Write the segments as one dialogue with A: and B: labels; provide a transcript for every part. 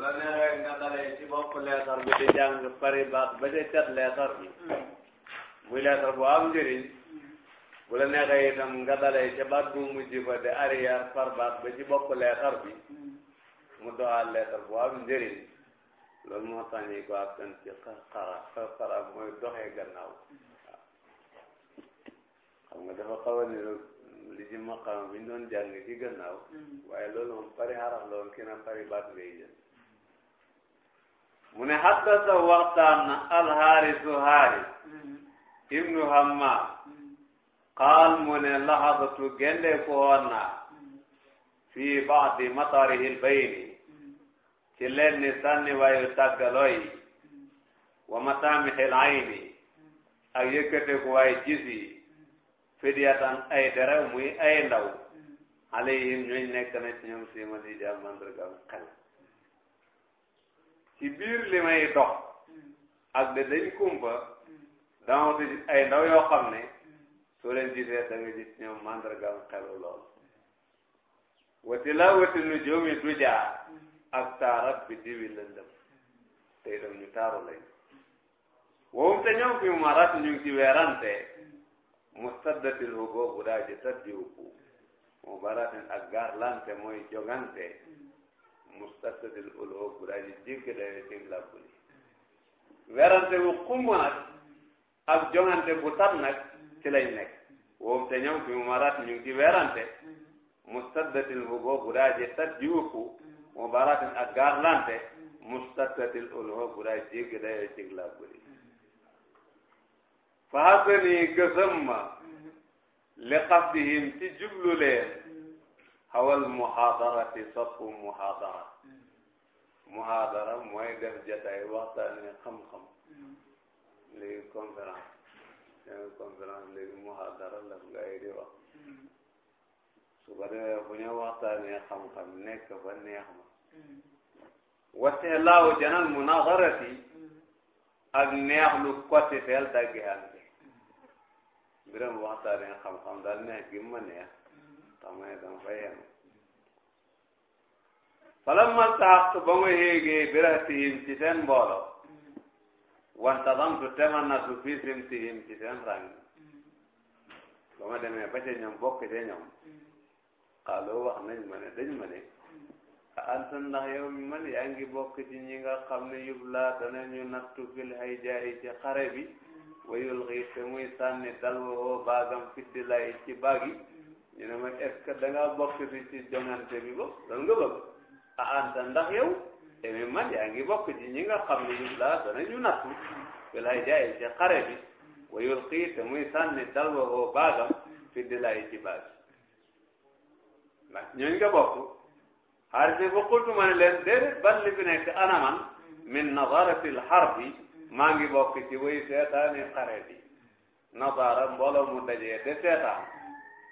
A: su la neexee nga dalee ci bopp leetar bi di jàng pari baat ba ca cat leetar bi muy leetar bu am njëriñ bu la neexee itam nga dalee ca baat bu mujj ba di arrière par baat ba ci bopp leetar bi mu doxal leetar bu am njëriñ loolu moo tax ñu ko akkan ci xara xara mooy doxee gannaaw xam nga dafa xaw a ni li ci maqam bi ñu doon jàng ci gannaaw mm. waaye loolu moom pari xaraf la woon kii na pari baat ngay jël mu ne haddasa waxtaan na alhaarisu haaris mm-hmm. ibnu hammam mm-hmm. qaal mu ne lahadatu gende ko woon naa mm-hmm. fii baadi matarihil bayni ci leen ni sànni waayu tàggalooy wa matamihil ayni ak yëkkate ko waayu gis yi fidiyatan ay dara muy ay ndaw alayhim ñooñ nekk na ci ñoom si ma di jàmm mandargam xel ci biir li may ak de dañ kumpa dama ko ay ndaw yoo xam ne soo leen gisee da nga gis ñoom màndargaam lool wati laa wati nu joomi dujaa ak taarab bi diwi lëndëm te itam ñu taaru lañ wowum te ñoom fi mu marat ñu ngi ci weerante mustaddatil hugo bu daa ji taddi wuku mubaratin ak gaarlante mooy jogante mustasadil uloo bu daal di jéggi dayoo ci làmb li werante bu xumb nag ak jongante bu tab nag ci lañ nekk woom te ñoom fi mu maraat ñu ngi ci werante mustadatil hubo bu daal di tat jiwuku mu baratin ak gaarlante mustasadil uloo bu daal di jéggi dayoo ci làmb li faxasani gësëm ma
B: li xasdihim ci jublu leen
A: xawal muhadarati soppu muhadara muhadara mooy def jataay waxtaane xam-xam léegi conférence léegi conférence léegi la nga yi di wax ko bu ñu xam-xam nekk ba neex ma wacce laaw janal munadarati ak neex lu kotti teel daggi am bi mbiram waxtaanee xam daal neex gi neex tamay dama fa yem falamma saxtu ba ma yéegee biratihim ci seen mbooloo wantazamtu tema nasu fii simtihim ci seen rang ba ma demee ba ca ñoom bokk ca ñoom xaaloo wax nañ ma ne dañ ma ne anta ndax yow man yaa ngi bokk ci ñi nga xam ne yub laa dana ñu nattu fil hay ci xare bi wayul xiit te muy sànni dal woo baagam fiddi lay ci baagi ñu ne ma est ce que da ngaa bokk ci ci jongante bi ba loolu nga bëgg a ah, anta ndax yow emi eh, man yaa ngi bokk ñi nga xam ne ñu laa danañu jaay ci xare bi wayul xii te muy sànni dalwahoo baagam fi di ci baag ndax ñooñ nga bokk xaar si bu xultu ma leen déedéet ban li fi nekk anaman min nazaratil harbi maa ngi bokk way seetaani xare bi nazara mu dajee de seetaan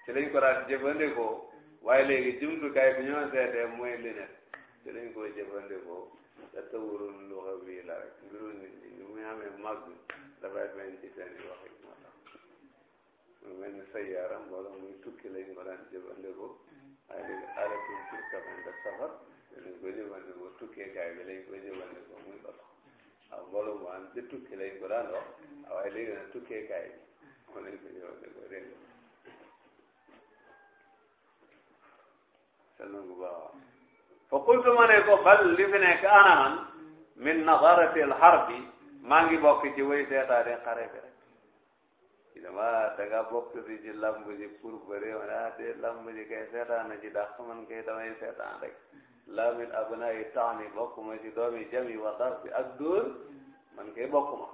A: ci lañ ko daan jëfandikoo waaye léegi jumtukaay bi ñoo seetee mooy lunette ci lañ ko jëfandikoo te tawurul luxa bii la rek mbiru nit ñi ni muy amee màgg dafay feeñ ci seen i wax yi moo tax mu ni sa yaram wala muy tukki lañ ko daan jëfandikoo waaye léegi arrêtul pour kafen de safar te lañ ko jëfandikoo tukkeekaay bi lañ ko jëfandikoo muy oto waaw mbooloo mu am ci tukki lañ ko daan wax waaye léegi nag tukkeekaay bi moom lañ ko jëfandikoo dégg fa qultu ko bal li nekk ana min nadarati al harbi maa ngi bokk way seetaane xare rek ci dama danga bokk si ci ji pour bëre ma daa ji kay seetaane ci dàq man kay damay seetaan rek laa min abnaa'i taani bokk doomi jami wa ak dóor man kay bokk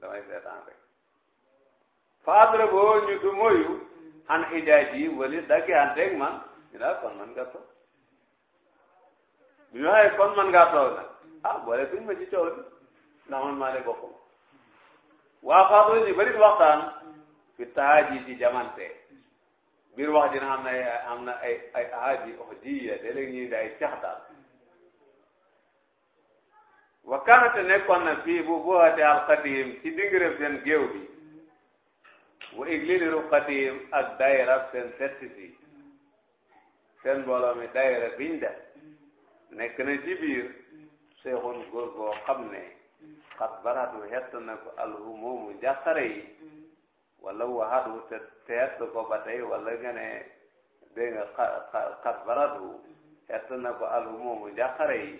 A: damay seetaan rek fa adraboo ñu du an hijaaji wali daki an teg ñu daal kon man nga toog bi ñu waxee ma ci coow li man maa ne boppam waa Fatou ñu bëri waxtaan fi taaji ji jamante biir wax ji na xam na ay ay aaji ox jiya léeg-léeg ñuy day caxtaan wa kaanate nekkoon na fii bu boate alxatim ci dingirem seen géew bi wa iglili ruqatim ak dayrab seen setti seen mbooloo mi daayira biñ def nekk na ci goo xam ne xat baratu na ko alhu moomu jàqare yi wala waxatu te xett ko ba tey wala nga ne dégg nga xat na ko alhu moomu jàqare yi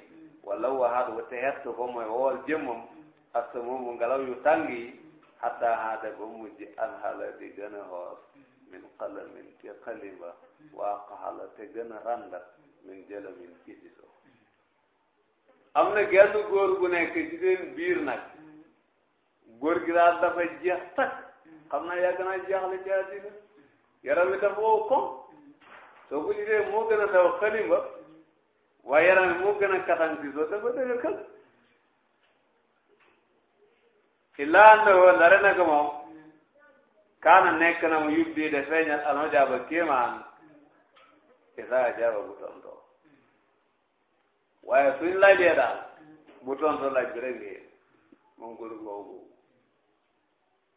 A: wala waxatu te xett ko mooy wowal jëmmam ak moomu ngelaw yu tàng yi xataa xaada ba mujj alxala di gën a xoor min xalamin ci xalima waa xaala te gën a ràndat min jëlamin ci diso am na genn góor gu nekk ci seen biir nag góor gi daal dafa jeex takk xam naa yàgg naa jeexle ci àddina yaram bi dafa wow kom soo ko gisee gën a daw xalimba waaye yaram bi moo gën a katan diso dafa dëgër kal illaa annahu ndare nag moom kaana nekk na mu yubdi de feeñal alxajaaba kéemaan isaa jaaba bu tontoo waaye suñ laajee daal bu tontoo laaj bi mu ngeen moom góor googu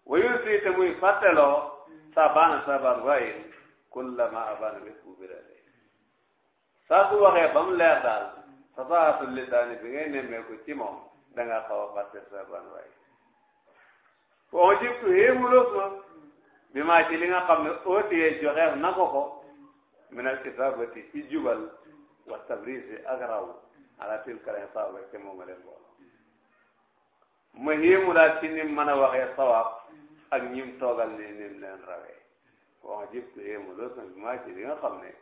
A: wayu si te muy fàtteloo saabaan saabaan waaye kullama abaan bés bu birale saa su waxee ba mu leer daal fasaatul lisaani bi ngay nemmeeku ci moom da nga xaw a fàtte saabaan waaye boo jibtu héemu loos ma bi maa ci li nga xam ne ootiyee joxeef na ko min al isaabati ci jubal wa tabrisi ak raw ala tilka al isaaba ci moom waxee sawaab ak ñim toogal ne nim leen rawee wax jib tu himu loo bi maa ci li xam ne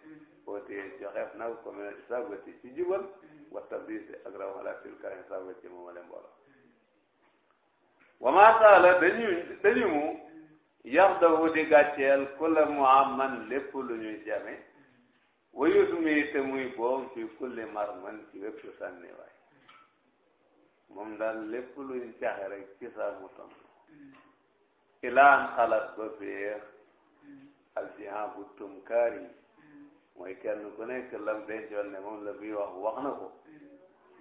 A: boo tee joxeef na ko min al isaabati ci jubal wa tabrisi ak raw ala tilka al isaaba ci moom leen bool wa maa taala mu yax dahu di lu ñuy jame wayus mm. mi mm. mm. te muy boom fi kulli mar man ci wépp sànni waay moom daal lépp luñ caxe rek ci saa mu tom ilaan xalaat ba féex aljihan bu tumkaar yi mooy kenn ku nekk lam dencoon ne moom la muy wax wax na ko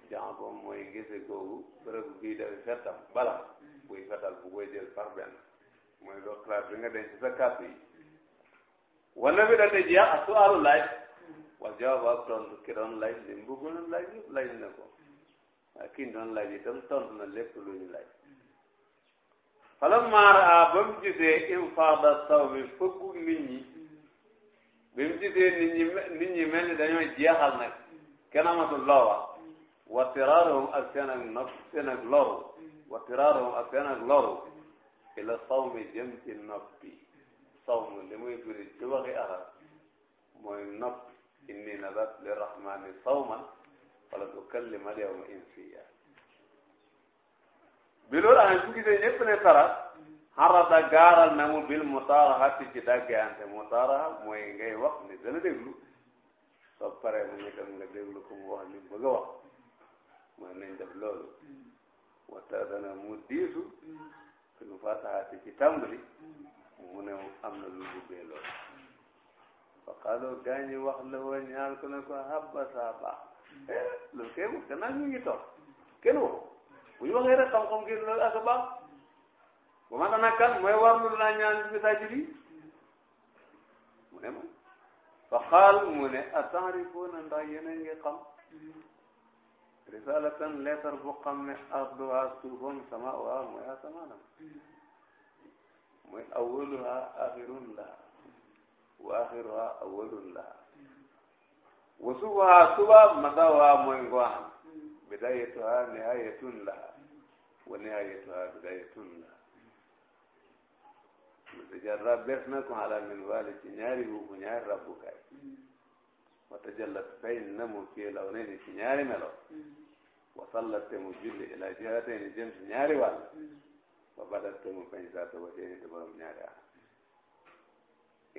A: jaxan ko mooy gise googu bërëb bii dafa fettam bala buy fettal bu koy jël par benn mooy doclaat bi nga denc sa kàpp yi wana bi da te jeex ak su alu laaj wax jawaab ak tontu ki doon laaj li mu bëggoon laaj yëpp na ko ak ki doon laaj itam tontu na lépp lu ñu laaj falamma raa ba mu gisee infaada saw bi fëggu nit ñi bi mu gisee nit ñi nit ñi mel ni dañoo jeexal nag kenn amatul loo wax
B: wa tiraaruhum ak seen ak nopp
A: seen loru wa tiraaruhum ak seen loru ila sawmi jëm ci noppi sawmu li muy firi ci waxi arab mooy nopp inni nazartu lirrahmani sawman falan ukallima al-yawma insiya bi loolu amee su gisee ñëpp ne tara xarata gaaral na mu bil mutaaraxati ci dàggeante mutaaraxa mooy ngay wax ni dana déglu soo mu ngi dem nga déglu ko mu wax li mu bëgg a wax mooy loolu wata dana mu diisu fil fataxati ci tàmbali mu ne am na lu loolu fa xaaloo gaañi wax la woo ñaal ne ko habba saa baax loolu kay moom gannaaw ñu ngi toog kenn waxu bu ñu waxee rek xam-xam ngeen loolu ak baax bu ma dana kan mooy warlu naa ñaan bi saa jiri mu ne ma fa mu ne atarifuna ndax yeneen ngi xam risalatan leetar bu xam ne arduha suufam samaawa mooy asamaanam mooy awaluha axirun laha wa axiruha awwalun laha wa subuha suba masawa mooy ngoon bidayatuha nihayatun laha wa nihayatuha bidayatun laha mutajarra bes na ko ala min wali ci ñaari wuku ñaari rabbukaay wata jallat feeñ na mu fii law ne ni ci ñaari melo wa sallat te mu julli ila jihatayni jëm ci ñaari wàll wa badat te mu feeñ saa ta wateeni te borom ñaari ana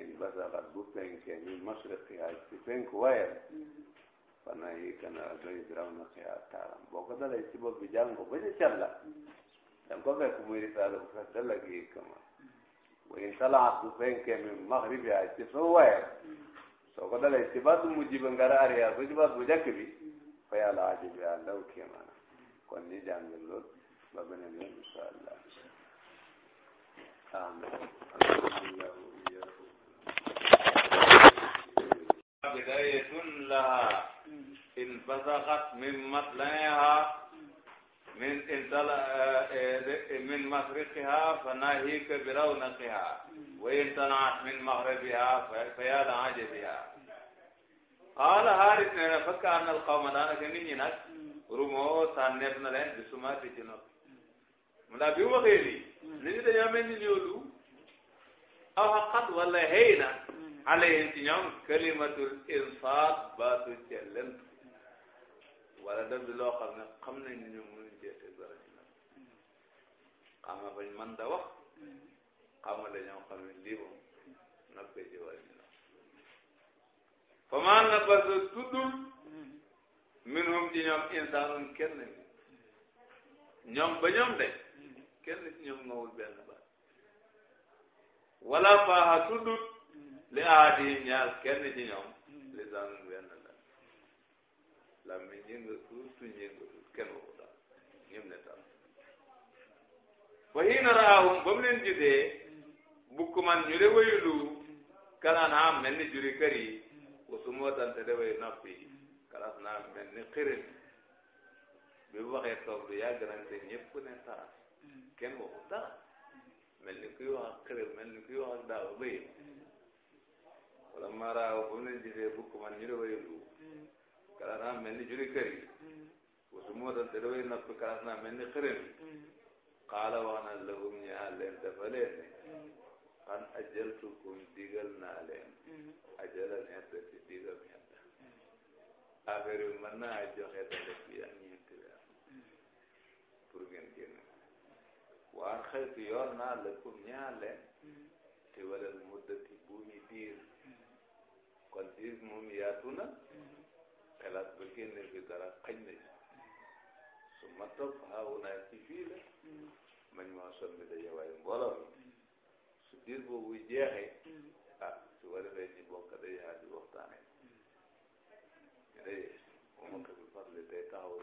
A: in basaxat bu penke min masriqiha ci penku wayam fana yi kana doy diraw na xiya taaram boo ko dalee ci bopp bi jàng ko ba ca calla danga ko fekk muy risaala bu fes dal ak yi kama wa in talaat bu penke min maxribiha ci soo wayam soo ko dalee ci baat bu mujj ba ngara arrière ba ci baat bu njëkk bi fa yàlla ajabi àllaw kéemaana kon ni jàng lool ba beneen yoon incha allah amin بداية لها إن فسخت من مطلعها من من مشرقها فناهيك برونقها وإن طلعت من مغربها فيا لعجبها قال حارث ne fekk am na xaw ma daanaka nit ñi nag rumo sànneef na leen bi suma si ci nopp mu daal bi mu waxee lii nit ñi dañoo mel ni ñoolu aw xaqat wala xëy na alayhim ci ñoom kalimatul irsaad baatu jëlent wala daf di loo xam ne xam nañ ni ñoom mënuñ jeete dara ci nag da wax xam nga dañoo xam ne lii moom nag koy jëwal ñu nag
B: maa na ba sa tuddul
A: minhum ci ñoom insaanun kenn ñoom ba ñoom de kenn ci ñoom ngawul benn baat wala faaxa tuddul li aadi ñaar kenn ci ñoom mm. li saan wenn la lam mi yëngatul tu yëngatul kenn waxu daal ñim ne tam
B: fa hiina raahum
A: ba mu leen gisee mm. bukk man ñu de wayulu kalaan am mel ni juri kër yi mm. wasuma tante de way nopp yi kalas naa mel ni xirin bi bu waxee toog du yàgg nag te ñëpp ne taras kenn waxu dara ni kuy wax ak xirin mel ni kuy wax ak daaw bëyam wala maaraaw bu mu leen man ñu ne way lu naa mel ni juri kër yi wasu moo napp kalaas naa mel ni xërëm xaala wax na lahum ñaa leen dafa leen ne xan ajaltukum digal naa leen ajalan ente ci digal ñett affaire bi mën naa joxe dale fii ak ñeenti weer pour ngeen génn waan xëy yoon naa lakum ñaa leen te walal muddati buumi diir kon siis moom yaatu na xelaat ba génne fi dara xañ su ma topp xaawu naa ci fii la mañ maa sommi dajawaayu mbooloo mi su ah, su ko defee ñu bokk daje xaar di waxtaane ñu daje bu ma ko bi farle tey taxawu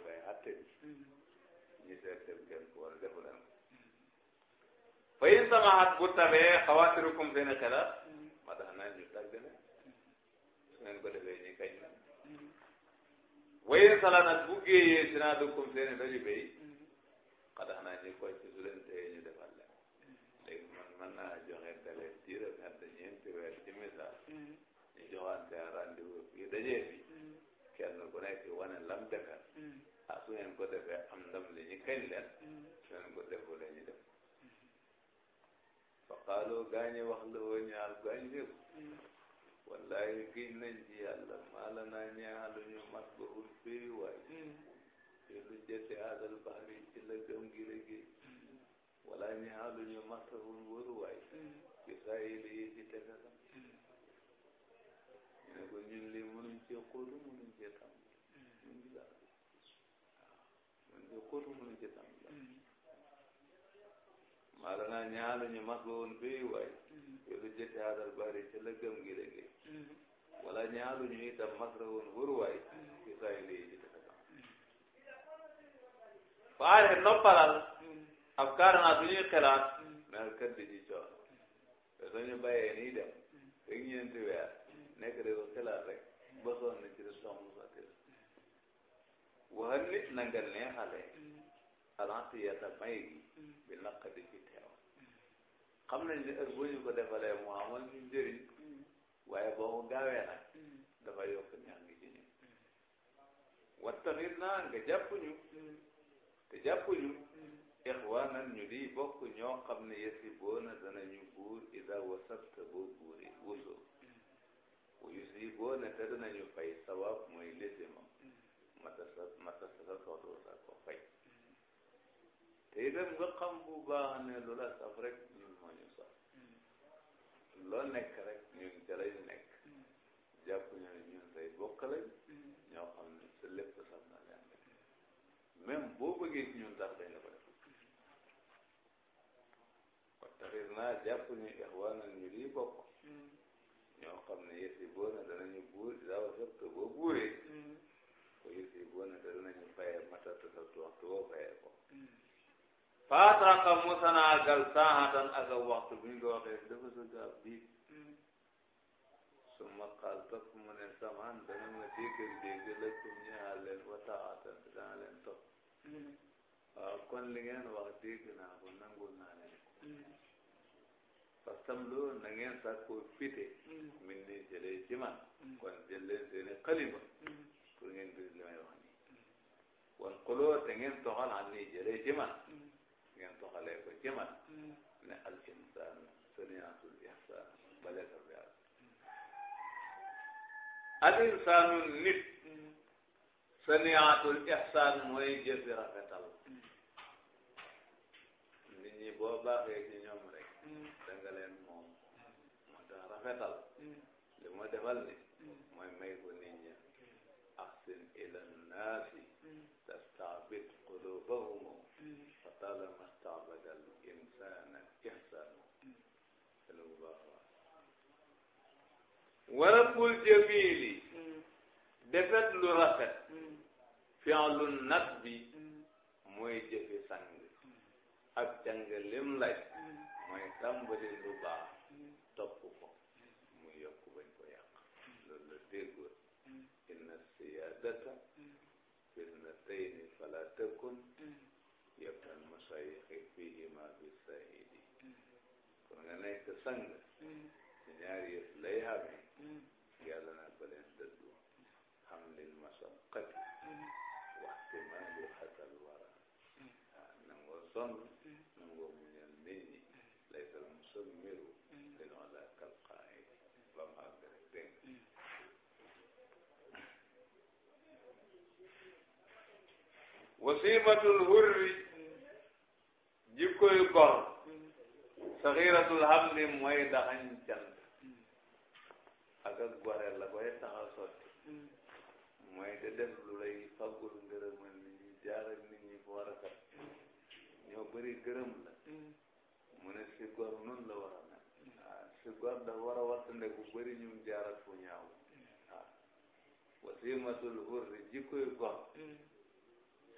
A: ngay seet dem kenn ku war a defu leen ko fa in sama xat bu tabee xawaatirukum seen xelaat ma tax naa ñu tàgg na su ngeen ko defee ñu kañ la
B: wayin salaanat bu géeyee sinaa
A: dukkum seeni dañu béy xadax naa ñu koy ci su leen teye ñu defal leen léegi man mën naa joxe dalee diirab ñett ñeenti weer ci misaal ñu joxante rendez-vous yi dajee fi kenn ku nekk wane lam defee ah su ngeen ko am ndam li ñu kañ leen def fa qaalu gaañi wax la woo ñaal gaañ lépp wallaahi giñ nañ ci yàlla maala naa ñeexalu ñu mat ba hul firi waay fi lu jëtti aadal bahri ci la gëm gi la géej wala ñeexalu ñu mat ba hul wëru waay fi saa yi la ñu ne ko ñun lii mënuñ ci xóotu mënuñ ci tam mënuñ ci dara mënuñ ci xóotu mënuñ ci tam maala naa ñeexalu ñu mat ba hul firi waay fi mm-hmm. lu jëtti aadal bahri la gëm gi la géej wala ñaalu ñu itam masrahun wóoruwaay ci saa yu ci tasa ba.
B: waaye noppalal ab kaaranaat bu ñuy xelaat
A: naan kër di ci coono te soo ñu dem rek ñeenti weer nekk de ko rek ba sonn ci de soxna sa kër waxal nit na nga neexale alantiyata may gi bi naq di ci teew xam nañ ne heure bu ko defalee mu amal ñu njëriñ waaye boo ko gaawee nag dafa yokk ñaan gi ci ñu wattanit naa nga jàpp ñu te jàpp ñu ixwaanan ñu di bokk ñoo xam ne yesi boona danañu buur ida wasabta boo buuri wusoo wuyu si boona te danañu fay sawaab mooy lésimam matasa matasa sa sootoo sa ko fay te itam nga xam bu baax ne lu la saf rek ñun moo ñu saf loo nekk rek ñun ca lañ nekk jàpp ñu ñun say bokk lañ ñoo xam ne sa lépp sax na leen rek boo bëggee ñun dara dañ la ko def taxit naa jàpp ñu ixwaanan ñu di bokk ñoo xam ne yësi boo na danañu buur daawa sëpp boo buuree mm. ko yësi boo na danañu fayee matat sa waxtu boo fayee ko
B: faataaka musanaa gal saahatan aga
A: waxtu bi nga waxee dafa sa gaab diig su ma xaal topp mu ne samaan dana ma déggal dégg la kum ñaal leen wataatan dana leen topp
B: waaw hmm.
A: ah, kon li ngeen naa ko nangul naa leen ko parce que loolu na ngeen sàkkoo fite hmm. min ni jëlee ci man hmm. kon jël leen seeni xalima ngeen gis li may wax wan xuloo te ngeen toxal an nii jëlee man ngeen doxalee al insaan saniatul ihsaan baleetal bi àll
B: al insaanu nit
A: saniatul ihsaan mooy jëfi rafetal nit ñi boo baaxee ci ñoom rek moom moo tax rafetal
B: li ma defal nit mooy may
A: ko nit ahsin ila nnaasi tastaabit qulubahum fatalama waraful jamiili mm. defet lu rafet mm. fi'lun nasbi mm. mooy jëfi sang ak jàng lim laaj mooy tàmbali lu baax topp ko mu yokk bañ ko yàq loolu la déggoon inna siyaadata fitnatayni fala takun yabtal masayixi fihima bisahidi kon nga nekk sang ñaar yëf lay xamee yàlla na ko leen dëddu xam lil masaqati waxti maali xatal wara ah nangoo sonn nangoo muñal nit ñi lay sal musammiru lil ola kal qaay ba mu àgg rek dégg wasimatul hurri jikkoy gor
B: saxiratul hamli mooy daxañ
A: cant ak ak gore la koy taxa sotti mm. mooy de def lu lay faggul ngërëmal nit ñi jaar ak nit ñi ñoo bëri gërëm la mm. mu ne si gor noonu la war a mel si ah, gor dafa war a wattande bu bëri ñu jaar ak fu ñaaw waaw mm. ah. wasimatul hurri jikkoy gor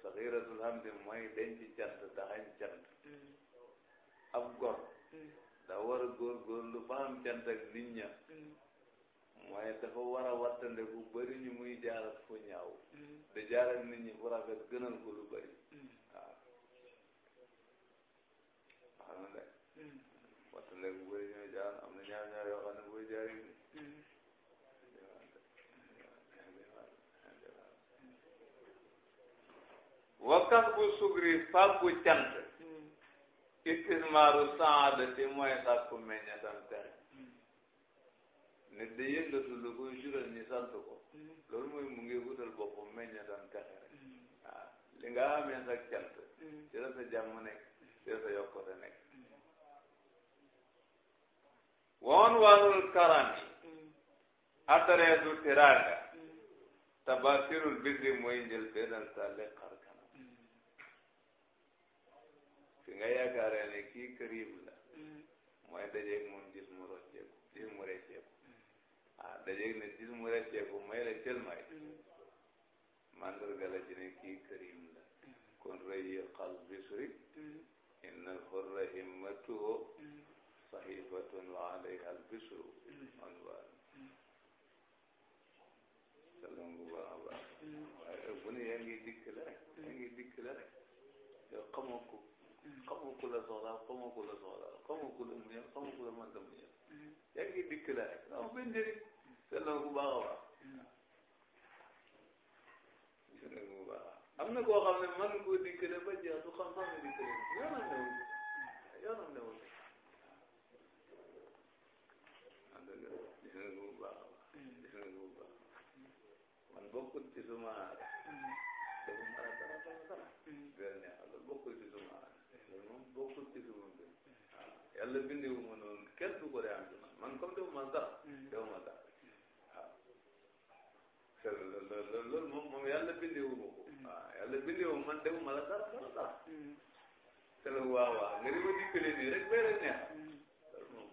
A: saxiratul hamdi mooy denc cant daxañ cant ab gor da war a góorgóorlu ba am cant ak nit mooy dafa war a wattande bu bëri ñu muy jaar ak fu ñaaw di mm-hmm. jaar ak nit ñi bu rafet gënal ko lu bëri mm-hmm. waaw xam na de mm-hmm. wattande bu bëri ñuy jaar am na ñaar ñaar yoo xam ne buy jaar yi wakkat bu sugri fàggu cant istismaaru saadati mooy sàkku meññatam te nit de yëngatu lu koy jural ñi sant mm. mu ngi wutal boppam meññatam mm. pexe rek waaw ah, li nga amee sa cant ci mm. sa jàmm nekk ci
B: la
A: karami attareetu tiraanga tabasirul birri mooy njël benal sàlle xar kanam fi nga yaakaaree ne kii kërim la dajeeg ne gis mu rëcceeku may la cël may mandarga la ci ne kii karim la kon rëy yi xal bisri inna alxurra himmatuhu sahifatun wa alayha albisru anwar salon bu baax a baax waaye bu ne yaa ngi dikk la rek yaa ngi dikk la rek yow xamoo ko xamoo ku la soxla xamoo ku la soxla xamoo ku la muñal xamoo ku la mënta muñal yaa ngi dikk la rek non benn njëriñ seet bu baax a baax na ko bu baax am na koo xam ne man koo dikkale ba jeex su xam sax ne dikkale yoonam newul yoonam newul am na gis na bu baax a baax gis na ko bu baax man bokkul ci suma aada dafa mara
B: dara dara dara
A: gën neex loolu bokkul ci suma aada loolu moom bokkul ci suma mbir yàlla bindewu ma noonu kenn ko dee am ci man man comme defu ma dara defu ma dara loolu loolu moom moom yàlla bindewu ma ko. waaw yàlla bindewu man dewu ma la dara dara dara. te loolu waaw waaw nga di ko dikkale nii rek bee rek neex. loolu moom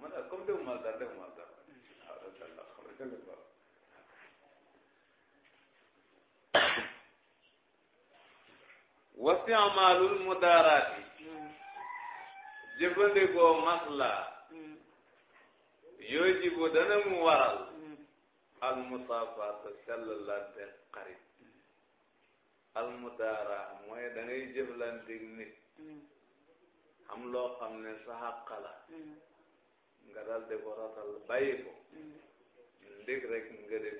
A: man daal comme dewu ma la dara dewu ma la dara. waaw loolu daal la xam nga loolu waaw. wastimaalul mudaaraati. jëfandikoo masla. yooyu ji bu dana mu waral. almusaafaatu sellalante xarit almudaara mooy da ngay jëflanteeg nit xam mm. loo xam ne sa la mm. nga dal di ko rafetal bàyyi ko ndig mm. rek nga def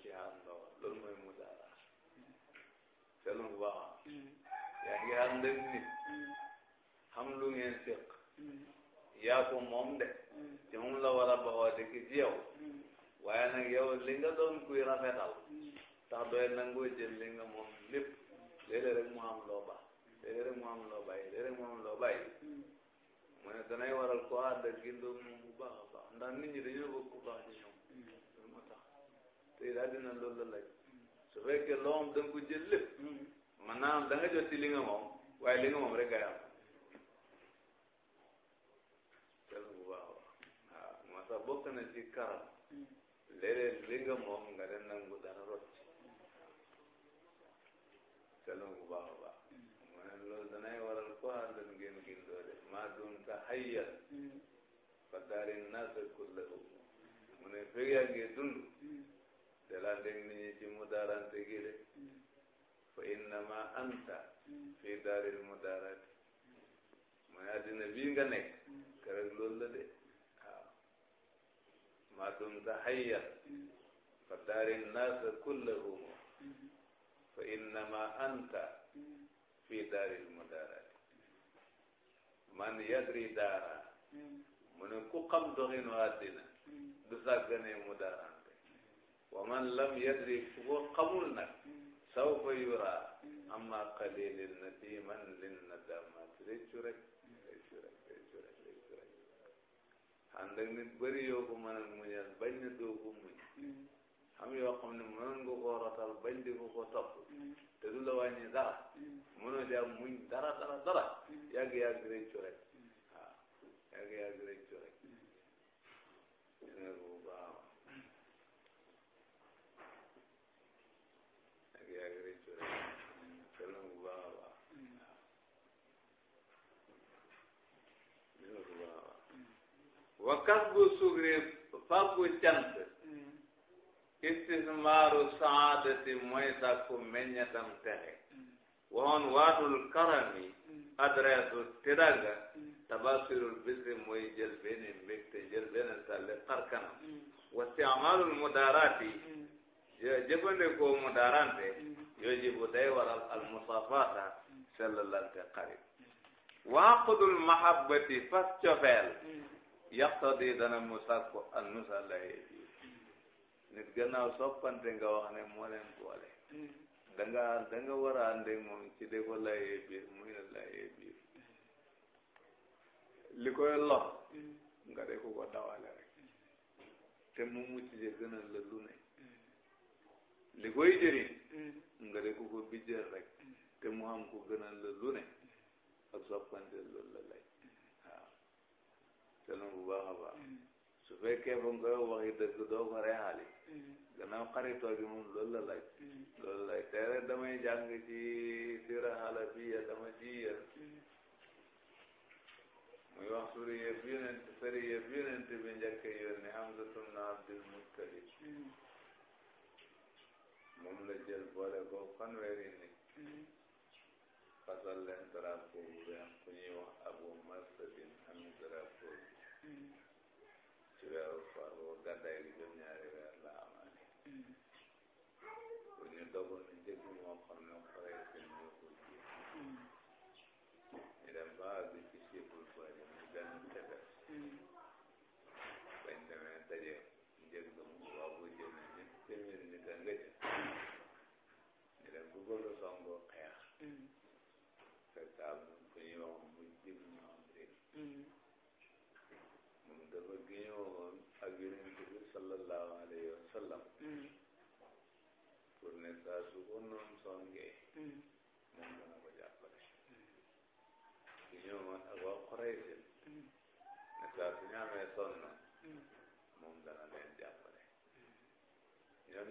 A: ci àndoo loolu mooy mudaara seetlu bu baax yaa ngi ànd ak nit lu ngeen séq yaa ko moom de ci moom la war a baxoo waaye na yow li nga doon kuy rafetal tax doy nangoo jël li nga moom lépp léeg-léeg rek mu am loo baax léeg-léeg rek mu am loo bàyyi léeg-léeg rek mu am loo bàyyi mu ne danay waral koo ànd ak gindoo moom bu baax a baax ndax nit ñi dañoo bëgg bu baax ci ñoom loolu moo tax te daal dina loolu la laaj su fekkee loo am da nga ko jël lépp
B: man naa am da nga jot ci li nga moom waaye li nga moom rek
A: ngay am tel bu baax waaw moo tax bokk na ci karam déedéet li nga moom nga ne nangu dara rocc selum bu baax baax mu ne loolu danay waral ko àndan ngeen gindoo de maa dumta hayyan fa daari naasa kullahu mu ne fekk yaa ngi dund delanteeg nit ñi ci mu daarante gi de fa innama anta fii daaril mudaarati mu ne addina bii nga nekk keroog loolu la de dumta hayyan fa daari nnaasa kullahum fa innama anta fi daari lmudaarati man yadri daara mu ne ku xam doxinu àddina du sàggane mu daarante wa man lam yadri ku ko xamul nag sawfa yura amma qalilin nadiman linnadamat réccu rek ànd ak nit bëri yoo ko mën a muñal bañ na doo muñ xam mm. yoo xam ne mënoon nga koo rotal bañ di ko ko mm. te du la wàññi dara mm. mënoo ja muñ dara dara dara yàgg-yàgg rëccu rek waaw yàgg-yàgg rëccu rek wakkat bu sugri fàggu cant istismaaru saadati mooy sàkku meññetam texe waxoon waatul karami adresu tiraga tabasirul bisi mooy jël benn mbégte jël benn sàlle xarkanam wastimaalul mudaaraati jëfandikoo mudaarante yoojibu day waral almusafaata sellalante xarit waaqudul mahabbati fas cofeel yaqtadi dana mu sàkku an nusa laye ji nit gannaaw soppante nga wax ne moo leen boole danga danga war a moom ci de ko laye biir muy laye biir li koy lor nga de ko ko dawale rek te mu mucc je gënal la lu ne li koy jëriñ nga de ko ko bijjal rek te mu am ko gënal la lu ne ak soppante la lay selon bu baax a baax su fekkee koy waxi dëgg doo ko reexali gannaaw xaritoo bi moom loolu la laaj loolu la laaj tey rek damay jàng ci sira halabiya dama ci yër
B: muy wax suri yëpp yonent sari yëpp yonent bi njëkk
A: yónni Hamzatu bnu Abdul Muttalib moom la jël boole ko fanweeri nit fasal leen drapeau bu weex ku ñuy wax Abu Marsadin ci weeru koor boobu gàddaay gi ñoom ñaari weer la amaale bu mm. ñu dogoon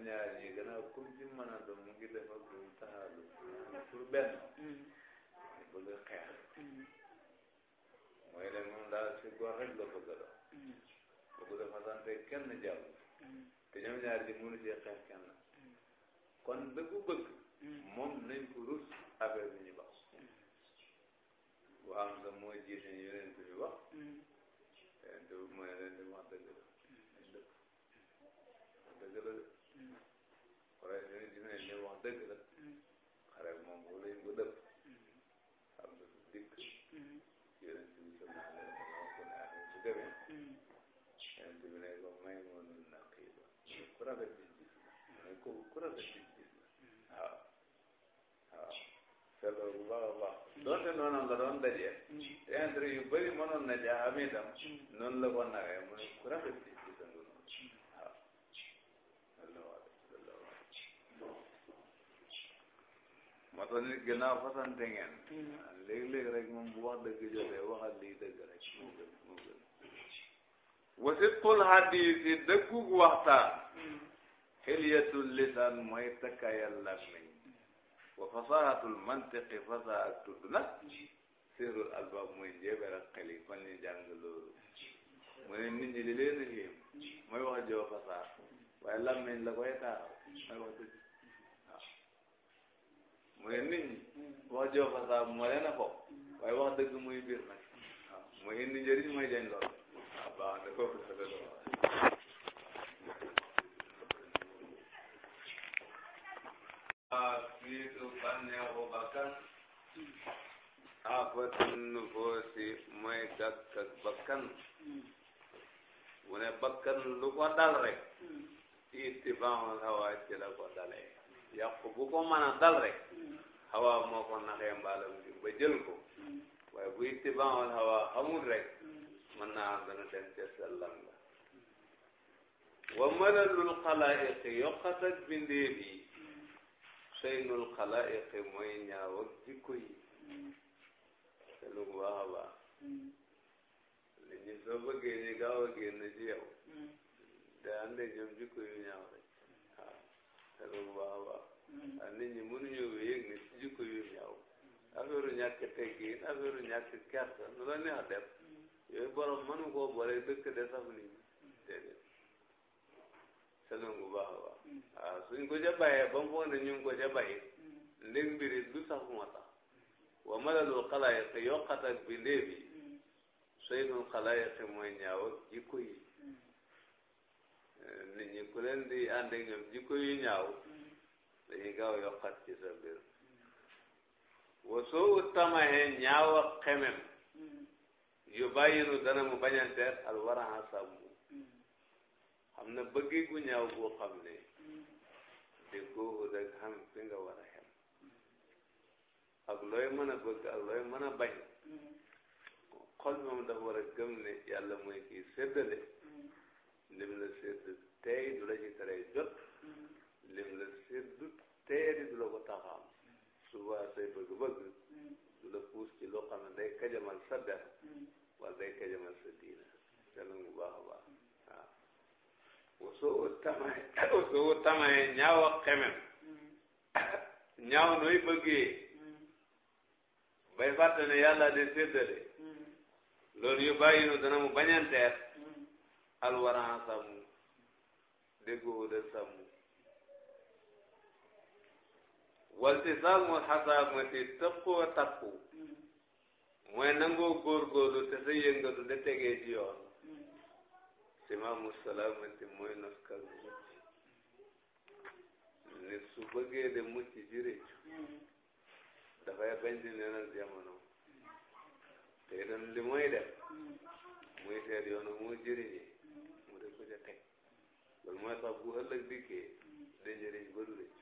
A: ñaar ñi gannaaw kum ci mën a doon mu ngi def ak lu taxaalu
B: pour benn mm-hmm. bëgg a xeex mm-hmm.
A: mooy ne moom daal si góor rek la bëgg a doon mm-hmm. bëgg dafa sante kenn jàll
B: te ñoom ñaar ñi
A: mënu cee xeex kenn kon dëggu bëgg moom nañ ko rus affaire bi ñu wax waa am sa mooy jiite ñu leen bi ñu wax leen di mooy leen di wax rafet gis-gis la mu ne kooku ku rafet gis-gis la waaw waaw seetlu bu baax a baax doonte noonu la doon dajee entre yu bëri mënoon na jaaxam itam noonu la ko
B: nawee mu ne ku rafet gis-gis la noonu moo
A: tax nit ginnaaw fasante ngeen léeg-léeg rek moom bu wax dëgg jotee waxal lii dëgg rek moo gën wasitqul hadisi dëggug waxtaan xilyatul lisan mooy takkayal làmmiñ wa fasahatul mantiqi fasaha ak tudd nag sirrul albab mooy jéebal ak xel yi kon ñu jàng loolu mu ne nit ñi li leen a yéem mooy wax joo fasaha waaye làmmiñ la koy taaral mooy wax dëgg waaw mu ne nit ñi wax joo fasaha moo leen a ko waaye wax dëgg muy biir nag waaw mooy indi njëriñ mooy jañ loolu baax da ko fi fiitu bànneexu bakkan afatun nufoosi mooy gàkk ak bakkan mu ne bakkan lu ko dal rek ittibaahul hawa ci la ko dalee yàqu bu ko mën a dal rek hawa moo ko naxee mbaalam bi ba jël ko waaye bu ittibaahul hawa xamul rek mën naa am dana dem ca sellam la wa malalul xalaayiqi yokkat ak bindeef yi seynul xalaayiqi mooy ñaaw ak jikko yi te lu mu baax a baax
B: li ñu soo bëggee ñu gaaw a génn ci yow
A: te ànd ak ñoom jikko yu ñaaw rek waaw te lu mu baax a baax ak nit ñi mënuñu wéyeg ne ci jikko yu ñaaw affaire ñàkk teggin affaire ñàkk kersa nu la neex def yooyu borom ko koo boole dëkk de saf nit ñi déedéet selon bu baax a baax mm. waaw suñ ko ca bàyyee ba mu foog ne ñu ngi ko ca bàyyi mm. ndég mbiri du sax moo tax wa malalu xalaayiq yokkat ak bindéef yi mm. soynul xalaayiq mooy ñaaw ak jikko yi eh, nit ñi ku leen di ànd ak ñoom jikko yu ñaaw dañuy gaaw ci sa mbir wa soo tamaxee ñaaw ak xemem
B: yu bàyyinu dana mu bañanteer
A: al waran sàmm xam hmm. ne bëggee gu ñaaw boo xam ne di góobu rek xam fi nga war a xem hmm. ak looy mën a bëgg ak looy mën hmm. war a gëm ne yàlla mooy kii séddale lim la sédd tey du la ci tere jot lim la sédd tey di du la ko taxaam suba say bëgg-bëgg du la puus ci loo xam ne day kajamal sa der wala day ka jëmal sa diina selon bu baax a baax waaw wasoo tamaye wasoo tamaye ñaaw ak xemem ñaaw nooy bëggee bay fàtte ne yàlla de séddale loolu yu bàyyi nu dana mu bañanteer alwaran sàmm déggoo de sàmm walti sàmmu xasaamati tëqoo takku mooy nangoo góorgóorlu te sa yëngatu da tegee ci yoon simaamu mm. salaamati mooy noskal mucc nit su bëggee de mucc ci réccu mm. dafay bañ di nenal jamono mm. te itam li mooy def
B: muy seet yoonu muy
A: mu def ko ca teg loolu mooy sax bu ëllëg dikkee da jëriñ ba du réccu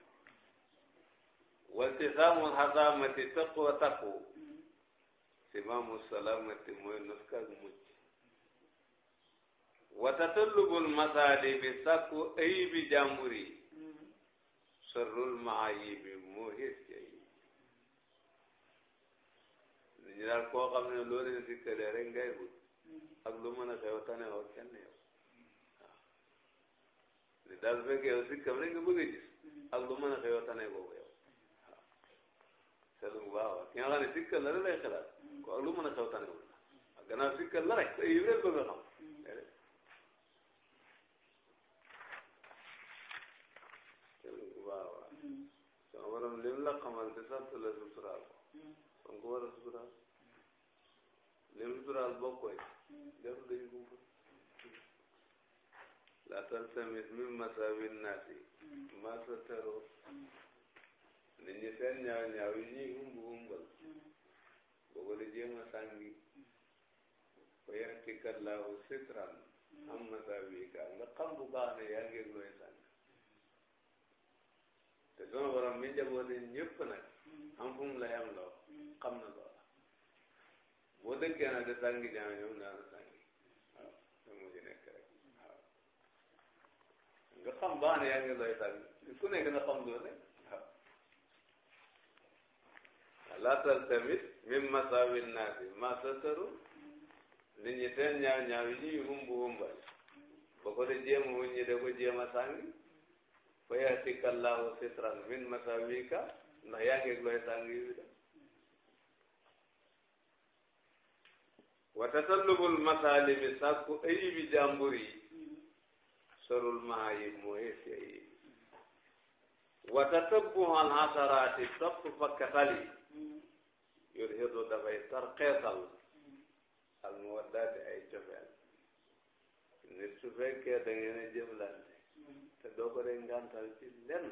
B: wal ci saamul
A: simaamu salaamati mooy nuska ak mucc watatallubul masaali bi sàkku ayibi jàmbur yi sarrul maayibi moo xiis ci ayib li ñu daal koo xam ne loo si këlee rek ak lu mën a xew tane woo kenn yow waaw li daal fekk yow sikkam rek nga ak lu mën a xew tane boobu yow seetlu bu baax a ki nga xam ne sikkal la rek lay xalaat ko ak lu a xew tanewul gannaaw sikkal la rek yi rek bëgg a xam seetlu bu baax a sama borom lim la xamal te sant la suturaal ko kon ko war a suturaal
B: lim suturaal boo
A: koy def dañ gumpa la taltamis min masaawi naasi ma sa teroo nit ñi seen ñaaw ñaaw yi ñuy humb humbal boobu la jéem a sàngi ko yahtikallahu sitran am masawika nga xam bu baax ne yaa looy sàng te sama borom mi njaboote ñëpp nag am fu mu lay am loo xam na loola boo dëkkee nag de sàngi jaan ñoom daana sàngi waaw te mu ci nekk rek waaw nga xam baax ne yaa ngi looy sàng ku nekk na xam loo laatal tamit min masaawin naasi ma sasaru nit ñi seen ñaaw ñaaw yi ñuy humbu humbal ba ko de jéem wuñ ñi de ko jéem a sàngi fa yaatika allahu sitran min masaawika ndax yaa ngi looy sàngi yu de wa tasallubul masaalimi sàkku ayibi jàmbur yi sorul maa yi mooy fi ayib wa tatabbu al hasaraati topp fakkatali yur hidu dafay tarxeesal al muwaddaati ay cofeel nit su fekkee da ngeen a jëflante te doo ko dee ci lenn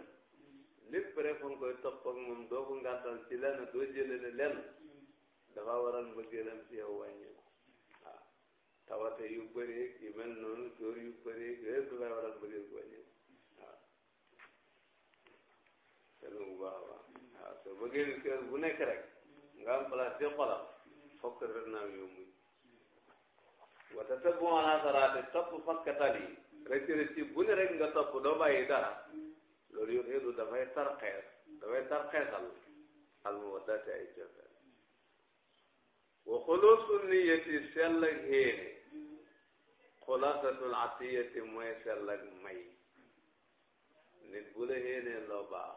A: lépp rek fa nga koy topp ak ci lenn doo jëlale lenn dafa waral mbëggeelam ci yow wàññeeku waaw tawate yu bëri yu mel noonu góor yu bëri yëpp dafay waral mbëggeel ko wàññeeku waaw te lu bu a baax waaw te bëggeel nga am place ci fokk rek naaw yomb wata te bu ma laa saraate topp fakkatal yi rëcc rëcc bu ne rek nga topp doo bàyyi dara loolu yow xeetu dafay tarxees dafay tarxeesal al mu waddaate ay cofeel wa xuluusu niyati sell ak xéene
B: xulaasatul atiyati
A: mooy sell ak may nit bu la xéenee loo baax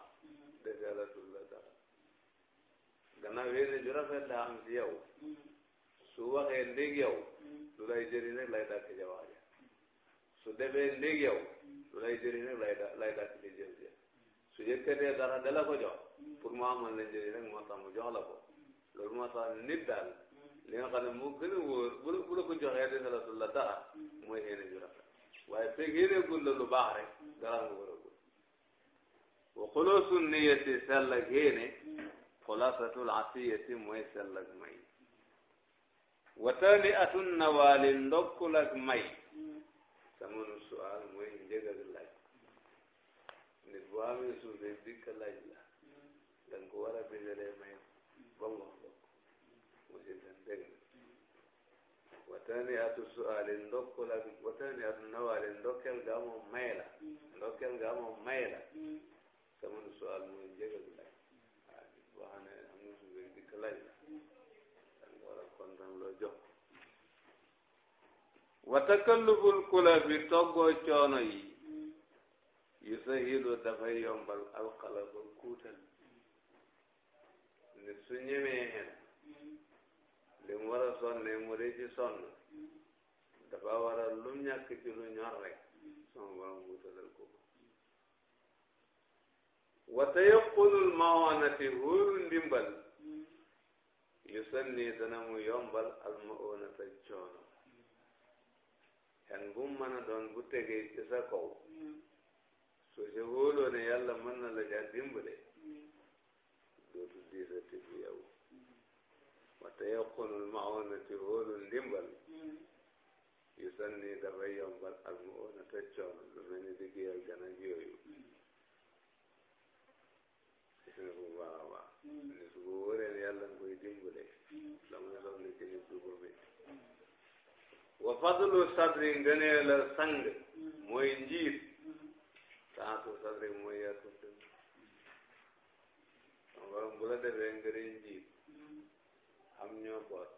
A: deselatul
B: gannaaw yéene ju
A: rafet la yow su waxee ndég yow lu lay jëriñ lay dàkk ja wax ja su defee ndég yow lu lay jëriñ rek lay lay dàkk di jëf ja su dara da ko jox pour mu amal la njëriñ rek moo tax jox la ko loolu moo tax nit daal li nga xam ne moo gën a wóor bu la bu la ko la dara mooy yéene ju rafet waaye fekk yéeneegul la lu baax rek dara nga war a gul wa xuloosu niyati sell ak yéene xulasatul asiyati mooy sell ak may wataani atun nawaali ndokkul ak may samanu sual mooy njëg ak laaj nit bu amee suuf de la da nga ko war a béjalee may ba mu wax dëgg mu si tan dëgg wataani atu suali ndokkul ak wataani atu boo xam ne am na su dikk laaj la danga war a kontaan loo jox wa takalluful kula bi toggoo coono yi yu sahilu dafay yombal alxalaba kuutal nit su ñemee hen
B: li mu war a sonne
A: mu di ci sonn dafa war a lum ñàkk ci lu ñor rek son borom kuutalal ko
B: wa tayaqqunul maonati wóoru
A: ndimbal yusanni dana mu yombal al maonata coono yan bu mu mën doon bu tegee ci sa kaw soo si wóoloo ne yàlla mën na la jaa dimbale dootu diisati bu yow wa tayaqqunul maonati wóoru ndimbal yusanni dafay yombal al maonata coono lu mel ni liggéeyal gan ak yooyu gis ni su ko wóoree ne yàlla nga koy dimbale la muy xam ne ci nit du wa fadlu sadri ngënee la sang mooy njiit taatu sadri mooy yaatu dëgg borom bu la defee nga di njiit am ñoo boot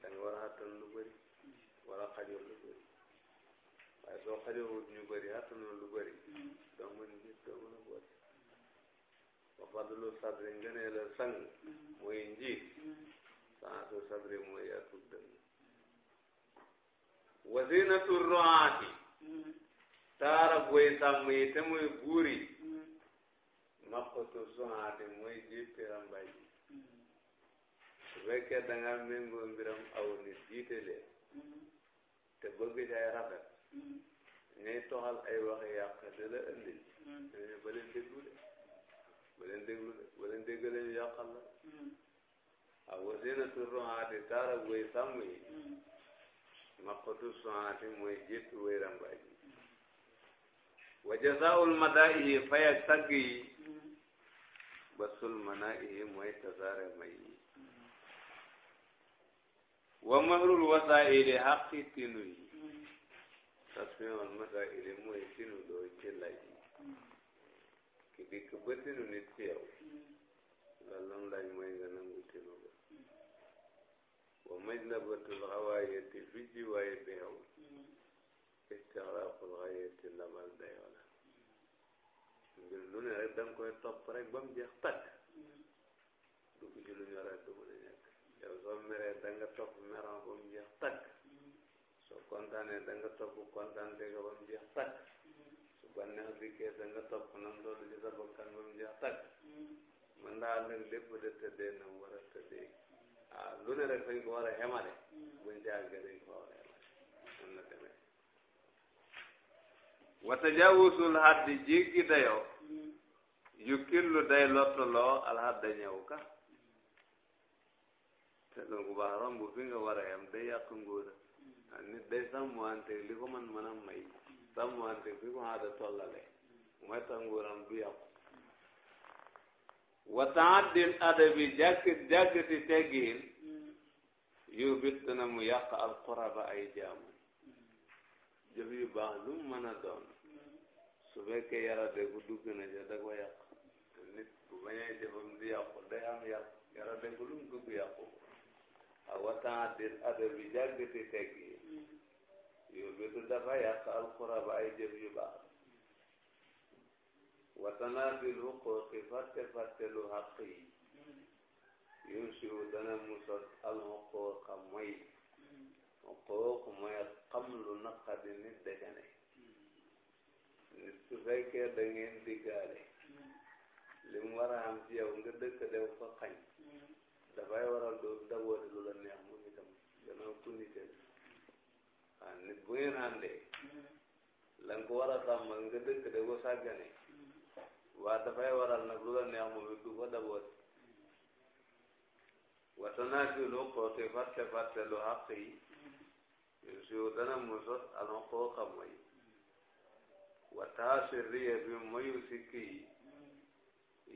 A: da nga war a xattan lu bëri war a xajoo lu soo xajoo ñu bëri xattanoo lu bëri doo mën njiit doo mën boot wa fadlu sadri ngëneel a sang muy njiit sansu sadri mooy yatub dëng
B: wasinatu roaati
A: taarab way sàmm yi te muy buur yi maqatu soaati mooy jippiram mbay ji su fekkee da nga méngoo aw nit jiite leen te bëgg jaay rafet ngay toxal ay waxi yàq de la indi dañu bële déglu de déglu de boo leen déggalee ñu yàqal la hmm. ak ah, wasina turroaati taarab way sàmm yi hmm. maqatu soaati mooy jiit way ràmbaaj yi wa jazaul madaihi fay ak tagg yi hmm. basul manaihi mooy tasaare may yi
B: wa mahrul wasaili xaqi
A: tinu yi tasfiul masaili mooy tinu doo ci laj dikk bëtinu nit ci yow loolu mooy nga nangu ci loolu wa majlabatul xawaayati fi jiwaay beew istixraaqul xawaayati lamal dayoo la mbir lu ne rek da nga koy topp rek ba mu jeex takk dugg ci lu ñor rek du mën soo meree da topp meram ba mu jeex takk soo kontaanee da topp kontaan nga ba mu jeex takk bànneex dikkee nga topp mm. nam loolu ci sa bakkan ba mu jeex tàkk man daal nag lépp de tëddee mm. na war a tëddee ah lu ne rek fañ war a xemale buñ ci àggee dañ ko war a xemale noonu la demee wa tajawusul haddi jéggi dayoo mm. yukkillu day lottuloo alhadda ñëw ka te donc bu baax romb fi nga war a yem day yàq ngóora nit day sàmmante li ko man mën a may sàmmante bi ko aada tollale mooy tax nguuram du yàqu wa taaddil adabi jàkk jàkkati teggiin yu bit dana mu yàq alquraba ay jaamu jëf yu baax lu mu mën doon su fekkee yarade gu dugg ja da ko yàq nit bu bañee jëfam di yàqu day am yàq yarade gu lu mu dugg yàqu ak wa taaddil adabi jàkkati teggiin yóbbitu dafa yàq alxuraan ba ay jëf yu baax watanaabil huquqi fàtte fàtte lu xàq yi yunsiwu dana musot alxuquqa mooy xuquq mooy xam lu naqadi nit dëkkane nit su fekkee da diggaale li mu war a nga dëkk dew ko xañ dafay waral doo daboote lu la neex moom itam gannaaw ku niteel waaw ah, nit bu ngeen àndee la nga a sàmm nga dëkk da ko sàggane waa dafay waral nag lu la neex moom it du ko dabooti watanaasi lu xooti fàtte fàtte lu xàq yi yow dana mu sos alon koo xam mooy wataasi riye bi moyu sikki yi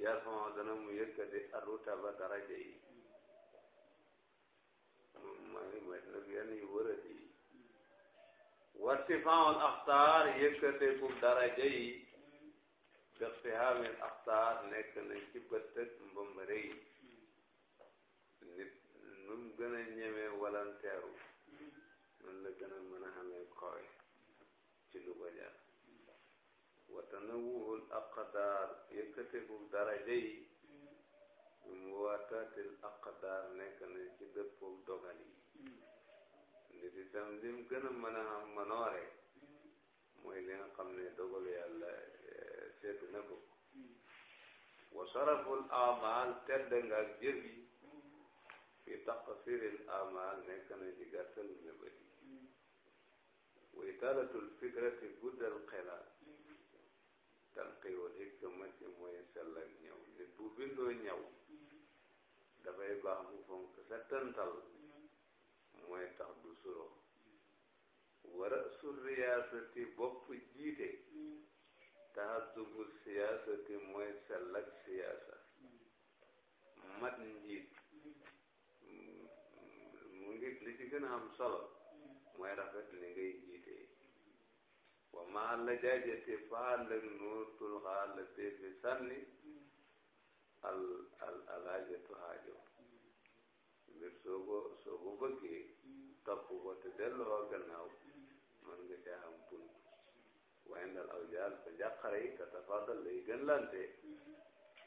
A: yar fama dana mu yëkkati aruta ba daraja yi moom mooy nag yenn yu wërët yi wartifaawul axtaar yëkkateeku daraja yi bixtihaamil axtaar nekk nañ ci bëttëg mbëmbëre yi gën a ñemee walanteeru noonu la gën a mën a xamee kowe ci lu ko jar watanawuhul aqdaar yëkkateeku daraja yi mu waataatil aqdaar nekk nañ ci dëppoog dogal nit itam lim gën a mën a manoore mooy li nga xam ne dogalu yàlla eh, seetu na ko wa saraful amal tedd nga ak jëf yi fi taqsiril amal nekk na ci gàttal mébét yi wa italatul fikrati guddal xelaat tanqiwul hikmati mooy sell ak ñaw nit bu bindoo ñaw dafay baax mu fonk settantal mooy tax du suroo wara surriyaasati bopp jiite taxaddubu siyaasati mooy sellak siyaasa mat njiit mu ngi li ci gën a am solo mooy rafet li ngay jiite wa maa la jaajëte faal ak nuutul xaal la teefi sànni al al alaajatu haajo mbir soo ko soo topp ko te delloo gannaaw mën nga caa am bunt waaye ndal aw jaal sa njàqare yi ka tafaadal lay gën lante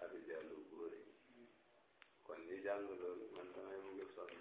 A: ak jaalu kon ñi jàng loolu man damay mu ngi sonn